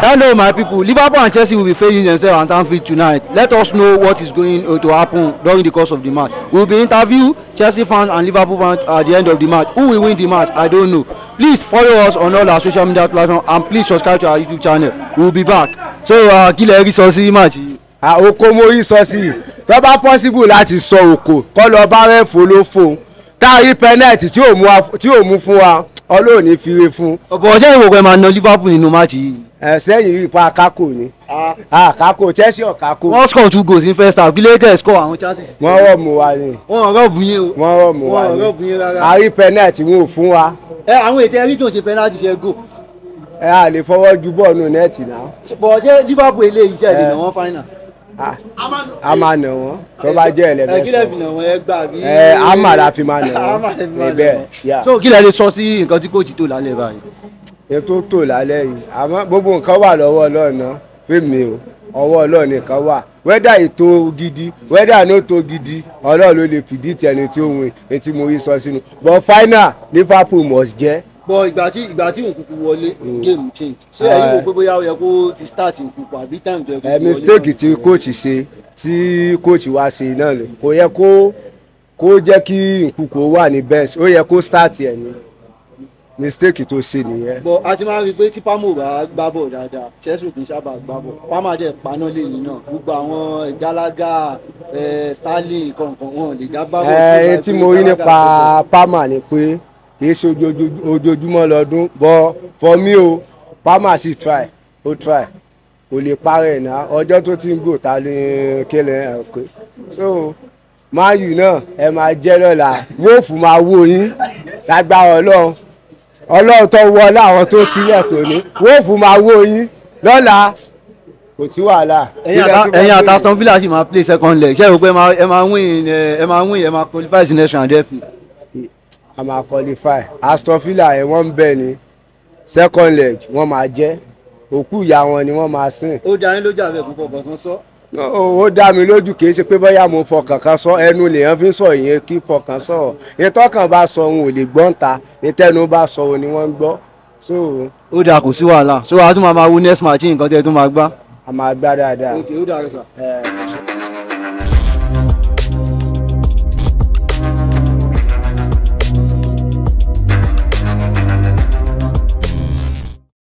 Hello, my people. Liverpool and Chelsea will be facing themselves at Anfield tonight. Let us know what is going to happen during the course of the match. We will be interviewing Chelsea fans and Liverpool fans at the end of the match. Who will win the match? I don't know. Please follow us on all our social media platforms and please subscribe to our YouTube channel. We will be back. So, uh, kí lè rí sọ sí match yìí. mo rí sọ sí i. Tó bá possible láti sọ òkò kọ́ lọ bá rẹ̀ fò ló fò. Táàrí penalty tí ò mú fún wa, Ọlọ́run ní fi re fún. Ọ̀pọ̀ ọ̀sẹ̀ ìwòkọ̀ ẹ̀ máa na Liverpool nínú match yìí sẹ́yìn ipa kákò ni ah. Ah, kákò chelsea ọ̀kákò. wọ́n score two goals in first half gílẹ́tẹ̀ score àwọn chances. wọ́n rọ̀ mú wa ni. wọ́n rọ̀ bù yín o. wọ́n rọ̀ mú wa ni. wọ́n rọ̀ bù yín rárá. a rí penalty wọn ò fún wa. ẹ àwọn ètò ẹrí tó ń ṣe penalty ṣe go. ẹ a lè fọwọ́ ju bọ́ọ̀nù nẹ́ẹ̀tì náà. bọ̀ ṣé liverpool eléyìí ṣe lè nà final. a máa nà wọ́n tó bá jẹ́ ẹlẹ́mẹ̀sán. ẹ kílẹ̀ fi nà wọ́n ẹ gbà bí. ẹ a máa la fi máa nà wọ́n. ní tó tò lálẹ́ yìí àmọ́ gbogbo nǹkan wà lọ́wọ́ ọlọ́ọ̀nà fèmí o ọwọ́ ọlọ́ọ̀nì kan wà wẹ́dà ètò gidi wẹ́dà ní ètò gidi ọlọ́ọ̀ ló lè pìdítì ẹni tí ó win ní tí mo yí sọ sínú but final Liverpool must jẹ́. bọ ìgbà tí ìgbà tí nkùkù wọlé mm. game change ṣé ẹ̀yin kò pé bóyá ó yẹ kó ti start nkùkù àbí time tó yẹ kó wọlé. mistake tí kóòtù ṣe tí kóòtù wa ṣe náà kò yẹ kó kó jẹ́ kí nkùkù wà ní bench ó yẹ kó start ẹ̀ ni mistake tó ṣe nìyẹn. bọ a ti máa ń rí i pé tí pamọ́ bá gbá bọ̀ dáadáa chelsea kì í sábà gbá bọ̀ pamọ́ dẹ̀ paná lè yín náà gbogbo àwọn ìgbàlaga eh, sterling kankan wọn lè dá bá ẹ eh, tí mo rí nípa pamọ́ ni pé kì í ṣe ojoojúmọ́ lọ́dún bọ́ for me o pamọ́ sì try ó try kò lè parẹ́ ná ọjọ́ tó ti ń gò ta ló ń kéle ẹ̀ ọ̀kẹ́ so máyù náà ẹ máa jẹ́ lọ́la wọ́ọ̀fù máa wó yín lágbára ọlọ́run ọlọ́run tó wọlé àwọn tó sílẹ̀ tó ní wọ́ọ̀fù máa wó yín lọ́la kò sí wàhálà. ẹ̀yin àti Aston Villa sì máa play second leg ṣé o pé ẹ máa win ẹ máa win ẹ máa qualify sí next round a máa qualify Aston Villa ẹ̀ wọ́n ń bẹ̀ ni second leg wọ́n máa jẹ́ òkú ìyá wọn ni wọ́n máa sìn. ó dá yín lójú àbẹ̀kú fọkàn tán sọ ó dá mi lójú kì í ṣe pé bóyá mo fọkàn kan sọ ẹnu lèèyàn fi ń sọ ìyẹn kí fọkàn sọ ìyẹn tọkàn bá sọ òun ò lè gbọ́n ta ní tẹnu bá sọ òun ni wọ́n ń gbọ́. ó dáa kò sí wàhálà so a tún máa máa wo next match nǹkan tẹ́ ẹ tún máa gbá. a máa gbá dáadáa. ok ó dáa rẹ sà.